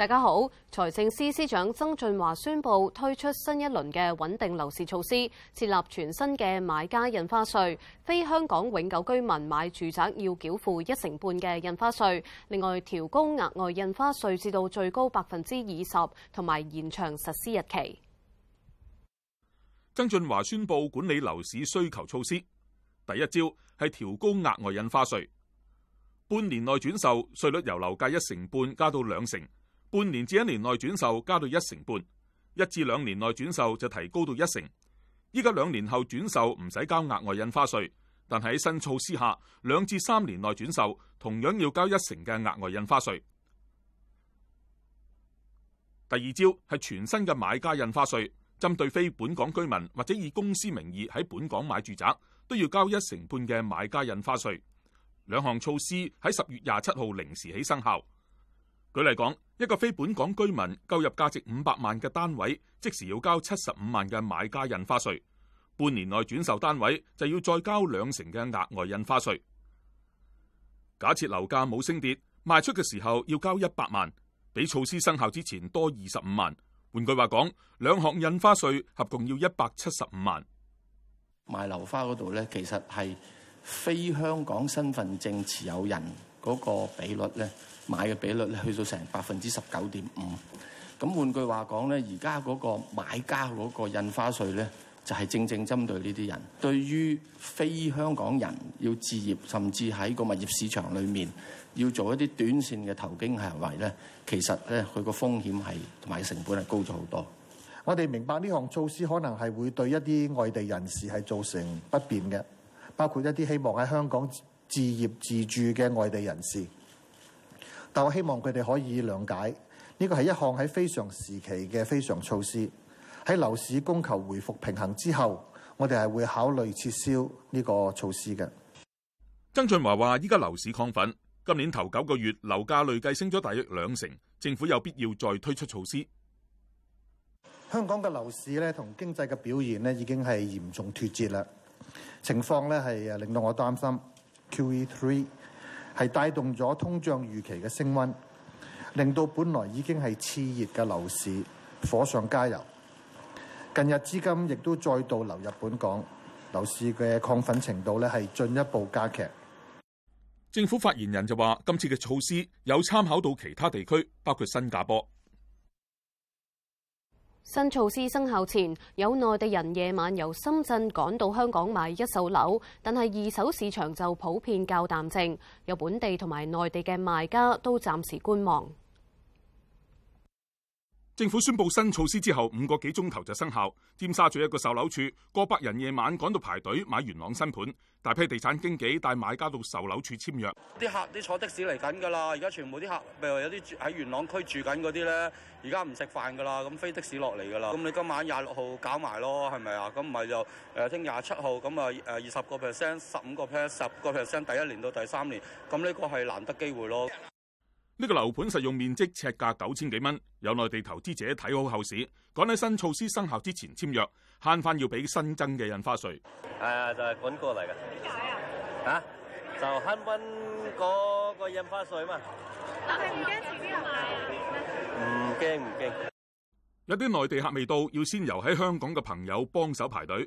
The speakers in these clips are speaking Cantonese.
大家好，財政司司長曾俊華宣布推出新一輪嘅穩定樓市措施，設立全新嘅買家印花稅，非香港永久居民買住宅要繳付一成半嘅印花稅。另外，調高額外印花稅至到最高百分之二十，同埋延長實施日期。曾俊華宣布管理樓市需求措施，第一招係調高額外印花稅，半年內轉售稅率由樓價一成半加到兩成。半年至一年內轉售加到一成半，一至兩年內轉售就提高到一成。依家兩年後轉售唔使交額外印花稅，但喺新措施下，兩至三年內轉售同樣要交一成嘅額外印花稅。第二招係全新嘅買家印花稅，針對非本港居民或者以公司名義喺本港買住宅，都要交一成半嘅買家印花稅。兩項措施喺十月廿七號零時起生效。舉例講，一個非本港居民購入價值五百萬嘅單位，即時要交七十五萬嘅買家印花稅；半年內轉售單位，就要再交兩成嘅額外印花稅。假設樓價冇升跌，賣出嘅時候要交一百萬，比措施生效之前多二十五萬。換句話講，兩項印花稅合共要一百七十五萬。賣樓花嗰度咧，其實係非香港身份證持有人嗰個比率咧。買嘅比率去到成百分之十九點五，咁換句話講呢，而家嗰個買家嗰個印花稅呢，就係正正針對呢啲人。對於非香港人要置業，甚至喺個物業市場裏面要做一啲短線嘅投機行為呢，其實呢，佢個風險係同埋成本係高咗好多。我哋明白呢項措施可能係會對一啲外地人士係造成不便嘅，包括一啲希望喺香港置業自住嘅外地人士。但我希望佢哋可以諒解，呢個係一項喺非常時期嘅非常措施。喺樓市供求回復平衡之後，我哋係會考慮撤銷呢個措施嘅。曾俊華話，依家樓市亢奮，今年頭九個月樓價累計升咗大約兩成，政府有必要再推出措施。香港嘅樓市咧同經濟嘅表現咧已經係嚴重脫節啦，情況咧係誒令到我擔心。Q E three。係帶動咗通脹預期嘅升溫，令到本來已經係熾熱嘅樓市火上加油。近日資金亦都再度流入本港，樓市嘅亢奮程度咧係進一步加劇。政府發言人就話：今次嘅措施有參考到其他地區，包括新加坡。新措施生效前，有內地人夜晚由深圳趕到香港買一手樓，但係二手市場就普遍較淡靜，有本地同埋內地嘅賣家都暫時觀望。政府宣布新措施之後，五個幾鐘頭就生效。尖沙咀一個售樓處，過百人夜晚趕到排隊買元朗新盤，大批地產經紀帶買家到售樓處簽約。啲客啲坐的士嚟緊噶啦，而家全部啲客譬如話有啲住喺元朗區住緊嗰啲咧，而家唔食飯噶啦，咁飛的士落嚟噶啦。咁你今晚廿六號搞埋咯，係咪啊？咁唔係就誒聽廿七號咁啊誒二十個 percent、十五個 percent、十個 percent，第一年到第三年，咁呢個係難得機會咯。呢個樓盤實用面積尺價九千幾蚊，有內地投資者睇好後市，趕喺新措施生效之前簽約，慳翻要俾新增嘅印花稅。係啊，就係、是、滾過嚟㗎。點解啊？嚇，就慳翻嗰個印花稅嘛。但係唔驚遲啲係嘛？唔驚唔驚。有啲內地客未到，要先由喺香港嘅朋友幫手排隊。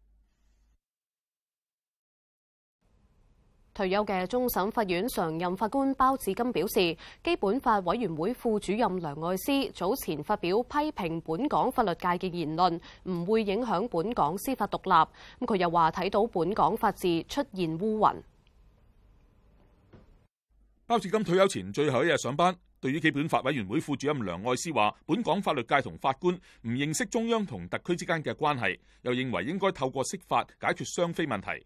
退休嘅終審法院常任法官包致金表示，基本法委員會副主任梁愛詩早前發表批評本港法律界嘅言論，唔會影響本港司法獨立。咁佢又話睇到本港法治出現烏雲。包致金退休前最後一日上班，對於基本法委員會副主任梁愛詩話，本港法律界同法官唔認識中央同特區之間嘅關係，又認為應該透過釋法解決雙非問題。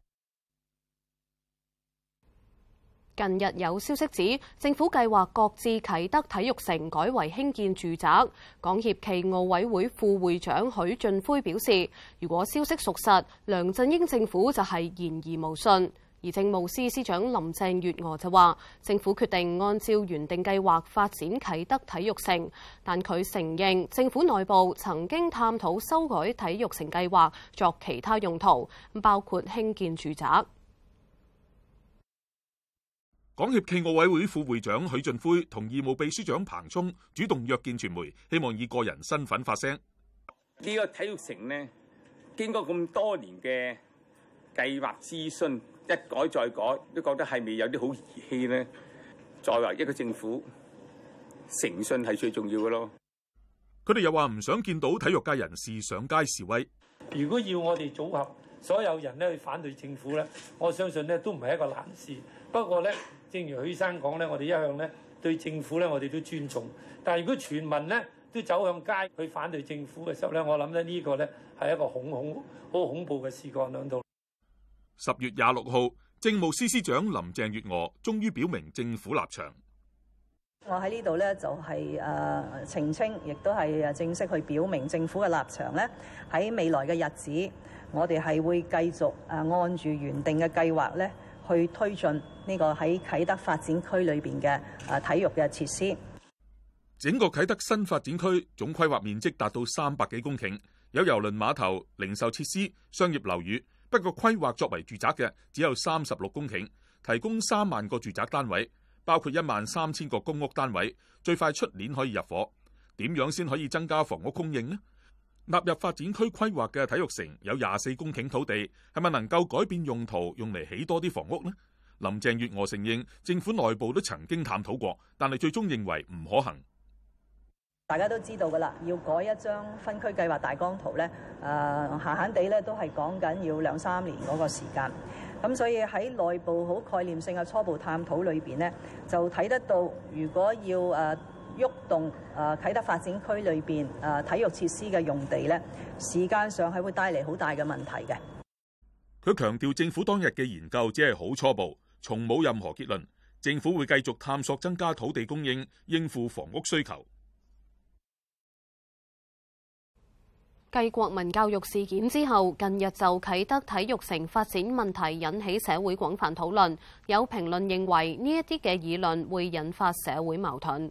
近日有消息指，政府計劃擱置啟德體育城改為興建住宅。港協暨奧委會副會長許俊輝表示，如果消息屬實，梁振英政府就係言而無信。而政務司司長林鄭月娥就話，政府決定按照原定計劃發展啟德體育城，但佢承認政府內部曾經探討修改體育城計劃作其他用途，包括興建住宅。港協暨奧委會副會長許俊輝同義務秘書長彭聰主動約見傳媒，希望以個人身份發聲。呢個體育城咧，經過咁多年嘅計劃諮詢，一改再改，都覺得係咪有啲好兒戲呢？作為一個政府誠信係最重要嘅咯。佢哋又話唔想見到體育界人士上街示威。如果要我哋組合所有人咧去反對政府咧，我相信咧都唔係一個難事。不過咧。正如許生講咧，我哋一向咧對政府咧，我哋都尊重。但係如果全民咧都走向街去反對政府嘅時候咧，我諗咧呢個咧係一個恐恐好恐怖嘅事。過兩度，十月廿六號，政務司司長林鄭月娥終於表明政府立場。我喺呢度咧就係誒澄清，亦都係誒正式去表明政府嘅立場咧。喺未來嘅日子，我哋係會繼續誒按住原定嘅計劃咧。去推進呢個喺啟德發展區裏邊嘅啊體育嘅設施。整個啟德新發展區總規劃面積達到三百幾公頃，有郵輪碼頭、零售設施、商業樓宇。不過規劃作為住宅嘅只有三十六公頃，提供三萬個住宅單位，包括一萬三千個公屋單位，最快出年可以入伙。點樣先可以增加房屋供應呢？納入發展區規劃嘅體育城有廿四公頃土地，係咪能夠改變用途，用嚟起多啲房屋呢？林鄭月娥承認，政府內部都曾經探討過，但係最終認為唔可行。大家都知道噶啦，要改一張分區計劃大綱圖咧，誒、呃，閒閒地咧都係講緊要兩三年嗰個時間。咁所以喺內部好概念性嘅初步探討裏邊咧，就睇得到如果要誒。呃喐動誒，啟德發展區裏邊誒體育設施嘅用地咧，時間上係會帶嚟好大嘅問題嘅。佢強調，政府當日嘅研究只係好初步，從冇任何結論。政府會繼續探索增加土地供應，應付房屋需求。繼國民教育事件之後，近日就啟德體育城發展問題引起社會廣泛討論。有評論認為呢一啲嘅議論會引發社會矛盾。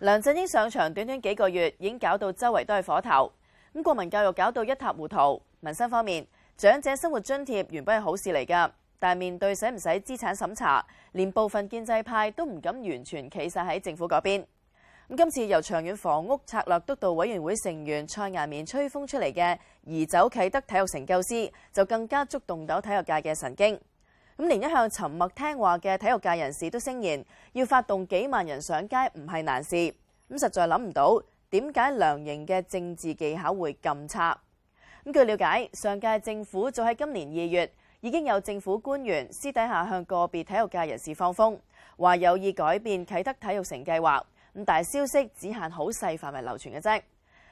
梁振英上場短短幾個月，已經搞到周圍都係火頭咁。國民教育搞到一塌糊塗。民生方面，長者生活津貼原本係好事嚟㗎，但面對使唔使資產審查，連部分建制派都唔敢完全企晒喺政府嗰邊。咁今次由長遠房屋策略督導委員會成員蔡涯棉吹風出嚟嘅移走啟德體育城構思，就更加觸動到體育界嘅神經。咁連一向沉默聽話嘅體育界人士都聲言，要發動幾萬人上街唔係難事。咁實在諗唔到，點解梁營嘅政治技巧會咁差？咁據了解，上屆政府就喺今年二月，已經有政府官員私底下向個別體育界人士放風，話有意改變啟德體育城計劃。咁但係消息只限好細範圍流傳嘅啫。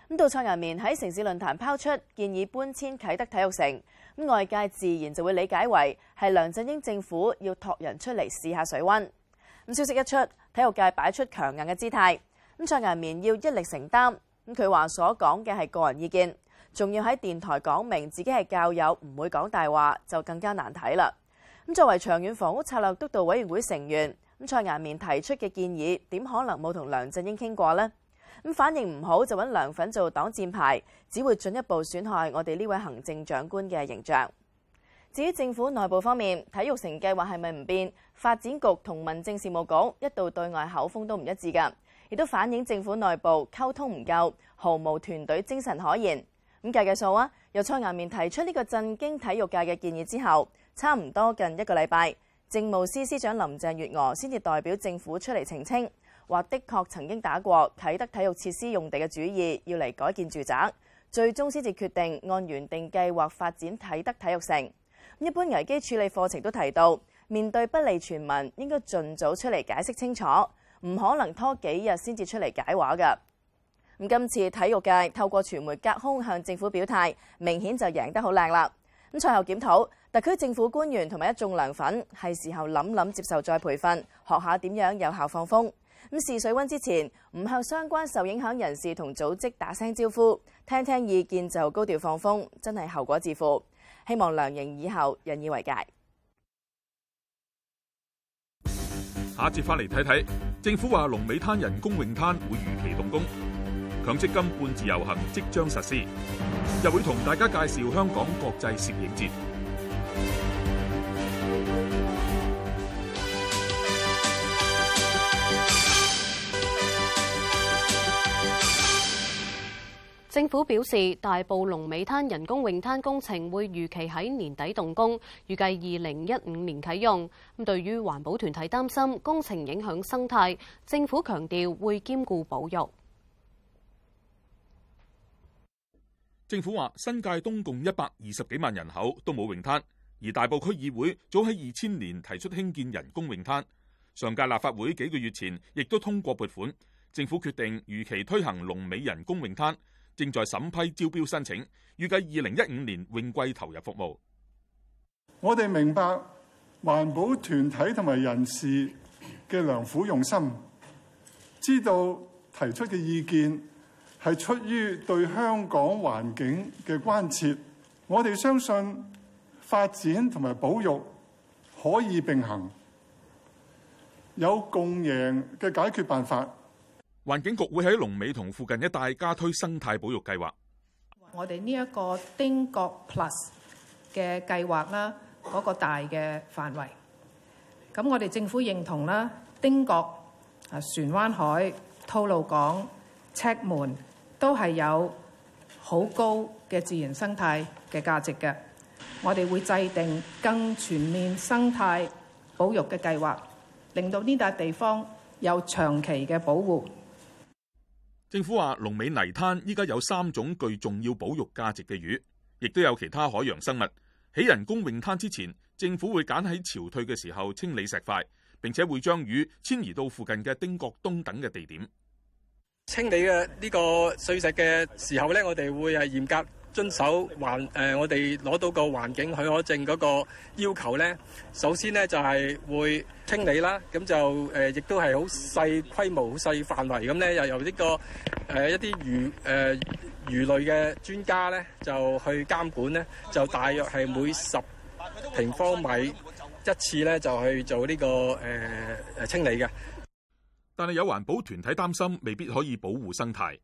咁蔡涯棉喺城市論壇拋出建議搬遷啟德體育城，咁外界自然就會理解為係梁振英政府要託人出嚟試下水溫。咁消息一出，體育界擺出強硬嘅姿態，咁蔡涯棉要一力承擔。咁佢話所講嘅係個人意見，仲要喺電台講明自己係教友，唔會講大話，就更加難睇啦。咁作為長遠房屋策略督導委員會成員，咁蔡涯棉提出嘅建議，點可能冇同梁振英傾過呢？咁反應唔好就揾涼粉做擋箭牌，只會進一步損害我哋呢位行政長官嘅形象。至於政府內部方面，體育城計劃係咪唔變？發展局同民政事務局一度對外口風都唔一致㗎，亦都反映政府內部溝通唔夠，毫無團隊精神可言。咁計計數啊，由蔡鴦面提出呢個震驚體育界嘅建議之後，差唔多近一個禮拜，政務司司長林鄭月娥先至代表政府出嚟澄清。或的確曾經打過啟德體育設施用地嘅主意，要嚟改建住宅，最終先至決定按原定計劃發展啟德體育城。一般危機處理課程都提到，面對不利傳聞，應該盡早出嚟解釋清楚，唔可能拖幾日先至出嚟解話㗎。咁今次體育界透過傳媒隔空向政府表態，明顯就贏得好靚啦。咁賽後檢討，特區政府官員同埋一眾梁粉係時候諗諗接受再培訓，學下點樣有效放風。咁試水温之前，唔向相關受影響人士同組織打聲招呼，聽聽意見就高調放風，真係後果自負。希望梁營以後引以為戒。下一節翻嚟睇睇，政府話龍尾灘人工泳灘會如期動工，強積金半自由行即將實施，又會同大家介紹香港國際攝影節。政府表示，大埔龍尾灘人工泳灘工程會預期喺年底動工，預計二零一五年啟用。咁對於環保團體擔心工程影響生態，政府強調會兼顧保育。政府話，新界東共一百二十幾萬人口都冇泳灘，而大埔區議會早喺二千年提出興建人工泳灘，上屆立法會幾個月前亦都通過撥款，政府決定如期推行龍尾人工泳灘。正在審批招標申請，預計二零一五年永貴投入服務。我哋明白環保團體同埋人士嘅良苦用心，知道提出嘅意見係出於對香港環境嘅關切。我哋相信發展同埋保育可以並行，有共贏嘅解決辦法。環境局會喺龍尾同附近一帶加推生態保育計劃。我哋呢一個汀角 Plus 嘅計劃啦，嗰、那個大嘅範圍。咁我哋政府認同啦，汀角、啊，船灣海、吐露港、赤門都係有好高嘅自然生態嘅價值嘅。我哋會制定更全面生態保育嘅計劃，令到呢笪地方有長期嘅保護。政府話龍尾泥灘依家有三種具重要保育價值嘅魚，亦都有其他海洋生物。喺人工泳灘之前，政府會揀喺潮退嘅時候清理石塊，並且會將魚遷移到附近嘅汀角東等嘅地點。清理嘅呢個碎石嘅時候呢，我哋會係嚴格。遵守環誒，我哋攞到個環境許可證嗰個要求咧，首先咧就係會清理啦，咁就誒，亦都係好細規模、好細範圍咁咧，又由呢個誒一啲魚誒魚類嘅專家咧，就去監管咧，就大約係每十平方米一次咧，就去做呢個誒誒清理嘅。但係有環保團體擔心，未必可以保護生態。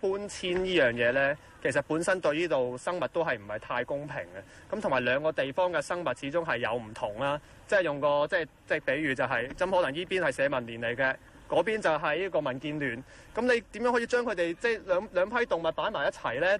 搬遷呢樣嘢咧，其實本身對呢度生物都係唔係太公平嘅。咁同埋兩個地方嘅生物始終係有唔同啦。即係用個即係即係比喻就係、係，咁可能呢邊係社民連嚟嘅，嗰邊就係呢個民建聯？咁你點樣可以將佢哋即係兩兩批動物擺埋一齊咧？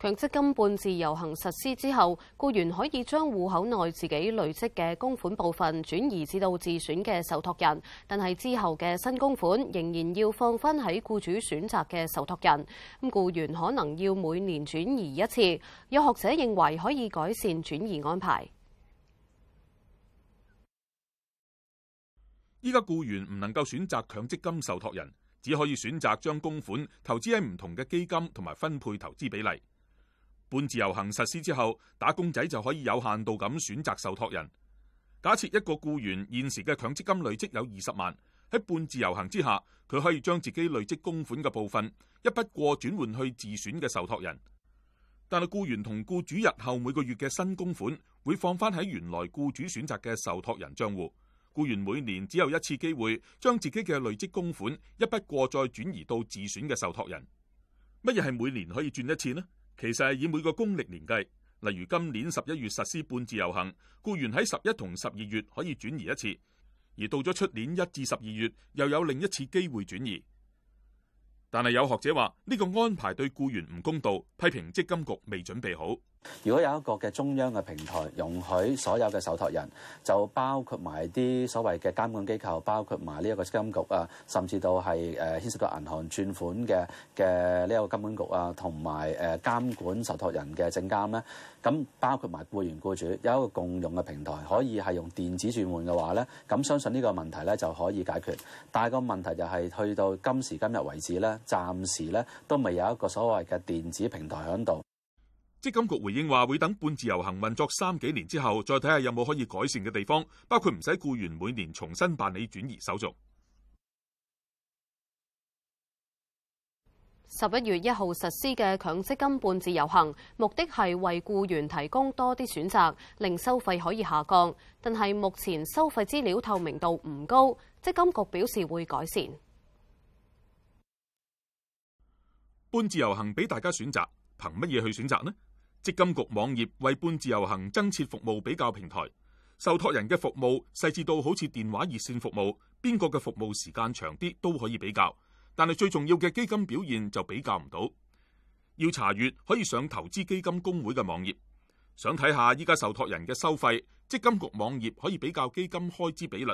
強積金半自由行實施之後，僱員可以將戶口內自己累積嘅供款部分轉移至到自選嘅受託人，但係之後嘅新供款仍然要放翻喺僱主選擇嘅受託人。咁僱員可能要每年轉移一次。有學者認為可以改善轉移安排。依家僱員唔能夠選擇強積金受託人，只可以選擇將供款投資喺唔同嘅基金同埋分配投資比例。半自由行實施之後，打工仔就可以有限度咁選擇受託人。假設一個僱員現時嘅強積金累積有二十萬，喺半自由行之下，佢可以將自己累積供款嘅部分一筆過轉換去自選嘅受託人。但係僱員同僱主日後每個月嘅新供款會放翻喺原來僱主選擇嘅受託人賬戶。僱員每年只有一次機會將自己嘅累積供款一筆過再轉移到自選嘅受託人。乜嘢係每年可以轉一次呢？其實係以每個公歷年計，例如今年十一月實施半自由行，雇員喺十一同十二月可以轉移一次，而到咗出年一至十二月又有另一次機會轉移。但係有學者話呢個安排對雇員唔公道，批評積金局未準備好。如果有一個嘅中央嘅平台容許所有嘅受託人，就包括埋啲所謂嘅監管機構，包括埋呢一個積金局啊，甚至到係誒牽涉到銀行轉款嘅嘅呢個金管局啊，同埋誒監管受託人嘅證監咧，咁包括埋僱員僱主有一個共用嘅平台，可以係用電子轉換嘅話咧，咁相信呢個問題咧就可以解決。但係個問題就係去到今時今日為止咧，暫時咧都未有一個所謂嘅電子平台喺度。積金局回應話，會等半自由行運作三幾年之後，再睇下有冇可以改善嘅地方，包括唔使僱員每年重新辦理轉移手續。十一月一號實施嘅強積金半自由行，目的係為僱員提供多啲選擇，令收費可以下降。但係目前收費資料透明度唔高，積金局表示會改善。半自由行俾大家選擇，憑乜嘢去選擇呢？積金局網頁為半自由行增設服務比較平台，受託人嘅服務細緻到好似電話熱線服務，邊個嘅服務時間長啲都可以比較，但係最重要嘅基金表現就比較唔到。要查閱可以上投資基金公會嘅網頁，想睇下依家受託人嘅收費。積金局網頁可以比較基金開支比率，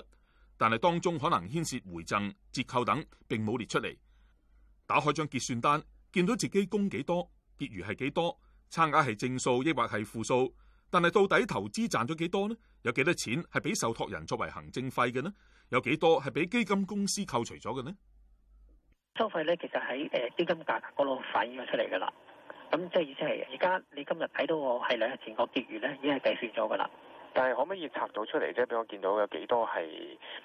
但係當中可能牽涉回贈、折扣等，並冇列出嚟。打開張結算單，見到自己供幾多，結餘係幾多。差額係正數，抑或係負數？但係到底投資賺咗幾多呢？有幾多錢係俾受託人作為行政費嘅呢？有幾多係俾基金公司扣除咗嘅呢？收費咧，其實喺誒基金價格嗰度反映咗出嚟噶啦。咁即係意思係，而家你今日睇到我係兩日前個結餘咧，已經係計算咗噶啦。但係可唔可以拆到出嚟，即係俾我見到有幾多係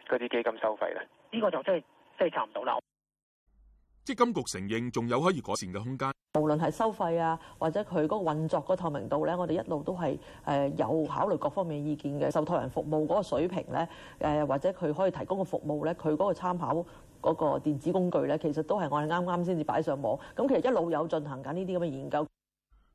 嗰啲基金收費咧？呢個就真係真係拆唔到啦。積金局承認仲有可以改善嘅空間。無論係收費啊，或者佢嗰個運作嗰透明度咧，我哋一路都係誒有考慮各方面的意見嘅，受託人服務嗰個水平咧，誒或者佢可以提供嘅服務咧，佢嗰個參考嗰個電子工具咧，其實都係我哋啱啱先至擺上網，咁其實一路有進行緊呢啲咁嘅研究。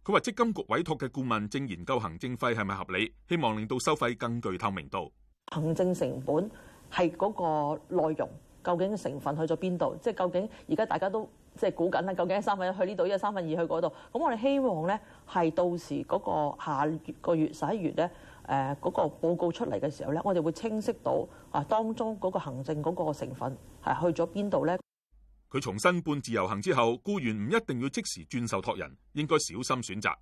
佢話積金局委託嘅顧問正研究行政費係咪合理，希望令到收費更具透明度。行政成本係嗰個內容究竟成分去咗邊度？即係究竟而家大家都。即係估緊啦，究竟係三分一去呢度，一三分二去嗰度？咁我哋希望咧，係到時嗰個下個月、嗰個月十一月咧，誒、呃、嗰、嗰個報告出嚟嘅時候咧，我哋會清晰到啊，當中嗰個行政嗰個成分係去咗邊度咧？佢重新半自由行之後，僱員唔一定要即時轉受託人，應該小心選擇。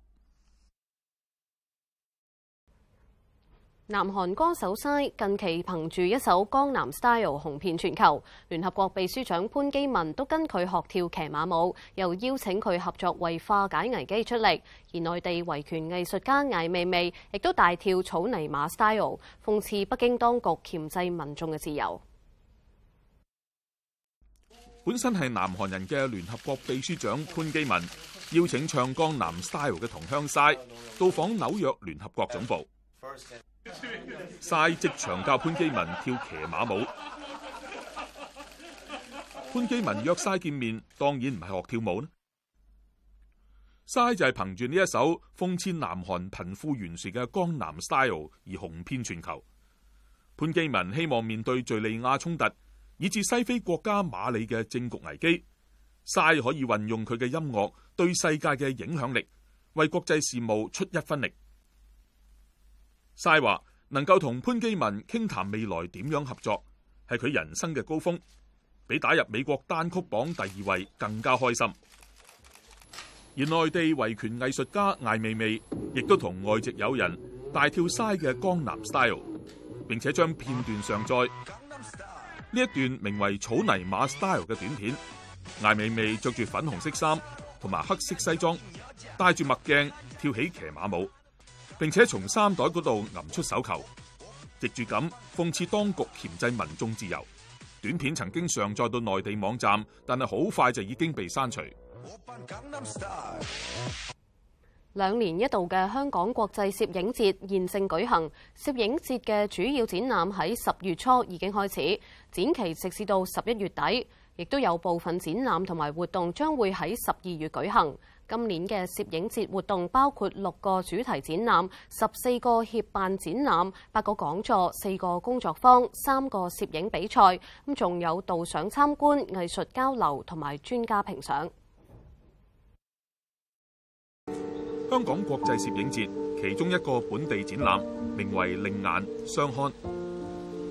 南韓歌手 PSY 近期憑住一首《江南 style》紅遍全球，聯合國秘書長潘基文都跟佢學跳騎馬舞，又邀請佢合作為化解危機出力。而內地維權藝術家艾未未亦都大跳草泥馬 style，諷刺北京當局鉗制民眾嘅自由。本身係南韓人嘅聯合國秘書長潘基文，邀請唱《江南 style》嘅同鄉 PSY 到訪紐，紐約聯合國總部。PSY 即場教潘基文跳騎馬舞，潘基文約 PSY 見面，當然唔係學跳舞呢。PSY 就係憑住呢一首諷刺南韓貧富懸殊嘅江南 style 而紅遍全球。潘基文希望面對敘利亞衝突以至西非國家馬里嘅政局危機，PSY 可以運用佢嘅音樂對世界嘅影響力，為國際事務出一分力。PSY 話能夠同潘基文傾談未來點樣合作，係佢人生嘅高峰，比打入美國單曲榜第二位更加開心。而內地維權藝術家艾未未亦都同外籍友人大跳 PSY 嘅江南 style，並且將片段上載。呢一段名為《草泥馬 style》嘅短片，艾未未着住粉紅色衫同埋黑色西裝，戴住墨鏡跳起騎馬舞。並且從衫袋嗰度揞出手球，藉住咁諷刺當局鉗制民眾自由。短片曾經上載到內地網站，但係好快就已經被刪除。兩年一度嘅香港國際攝影節現正舉行，攝影節嘅主要展覽喺十月初已經開始，展期直至到十一月底，亦都有部分展覽同埋活動將會喺十二月舉行。今年嘅攝影節活動包括六個主題展覽、十四個協辦展覽、八個講座、四個工作坊、三個攝影比賽，咁仲有導賞參觀、藝術交流同埋專家評賞。香港國際攝影節其中一個本地展覽，名為商刊《另眼相看》。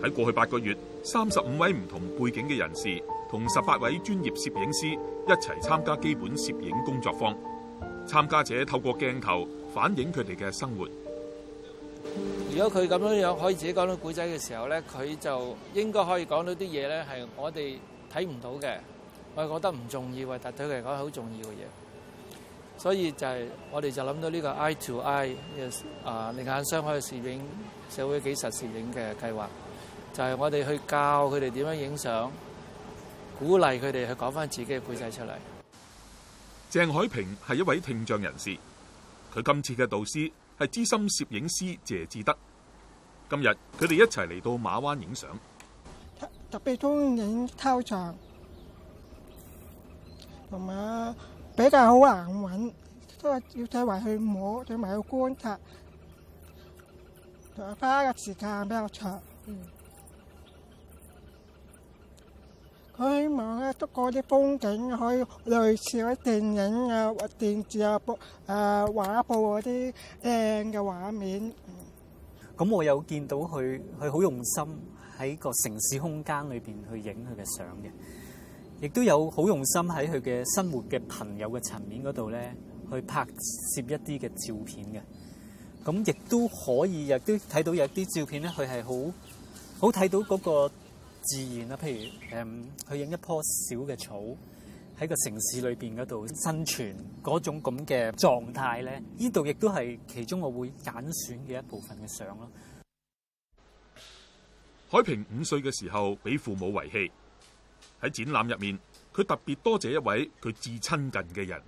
喺過去八個月，三十五位唔同背景嘅人士同十八位專業攝影師一齊參加基本攝影工作坊。參加者透過鏡頭反映佢哋嘅生活。如果佢咁樣樣可以自己講到古仔嘅時候咧，佢就應該可以講到啲嘢咧，係我哋睇唔到嘅。我哋覺得唔重要，但對佢嚟講係好重要嘅嘢。所以就係我哋就諗到呢個 I to I 嘅啊，眼傷可以攝影社會紀實攝影嘅計劃，就係、是、我哋去教佢哋點樣影相，鼓勵佢哋去講翻自己嘅故仔出嚟。鄭海平係一位聽障人士，佢今次嘅導師係資深攝影師謝志德。今日佢哋一齊嚟到馬灣影相。特別鍾意影抽象，同埋比較好難揾，都係要睇埋去摸，睇埋去觀察，同埋花嘅時間比較長。嗯我希望咧，得嗰啲風景可以類似嗰啲電影啊、電視啊、報誒畫布嗰啲靚嘅畫面。咁我有見到佢，佢好用心喺個城市空間裏邊去影佢嘅相嘅，亦都有好用心喺佢嘅生活嘅朋友嘅層面嗰度咧，去拍攝一啲嘅照片嘅。咁亦都可以亦都睇到有啲照片咧，佢係好好睇到嗰個。自然啦，譬如誒去影一棵小嘅草喺個城市裏邊嗰度生存嗰種咁嘅狀態咧，呢度亦都係其中我會揀選嘅一部分嘅相咯。海平五歲嘅時候俾父母遺棄，喺展覽入面，佢特別多謝一位佢至親近嘅人。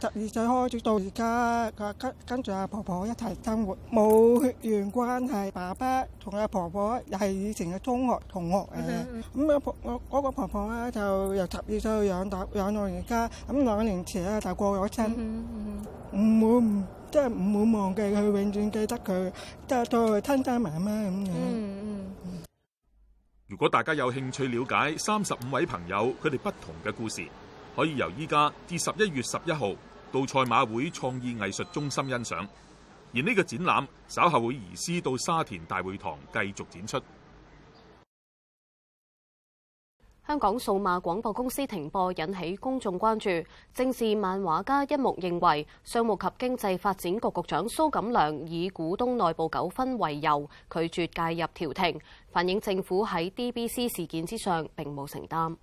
十二歲開始到而家，佢跟跟住阿婆婆一齊生活，冇血緣關係。爸爸同阿婆婆又係以前嘅中學同學誒。咁阿婆，我嗰、mm hmm. 嗰個婆婆咧就由十二歲養大，養到而家。咁兩年前咧就過咗身。唔、mm hmm. 會，即係唔會忘記佢，永遠記得佢，即係做親生媽媽咁嘅。如果大家有興趣了解三十五位朋友佢哋不同嘅故事，可以由依家至十一月十一號。到賽馬會創意藝術中心欣賞，而呢個展覽稍後會移師到沙田大會堂繼續展出。香港數碼廣播公司停播引起公眾關注，政治漫畫家一目認為，商務及經濟發展局局長蘇錦樑以股東內部糾紛為由拒絕介入調停，反映政府喺 DBC 事件之上並冇承擔。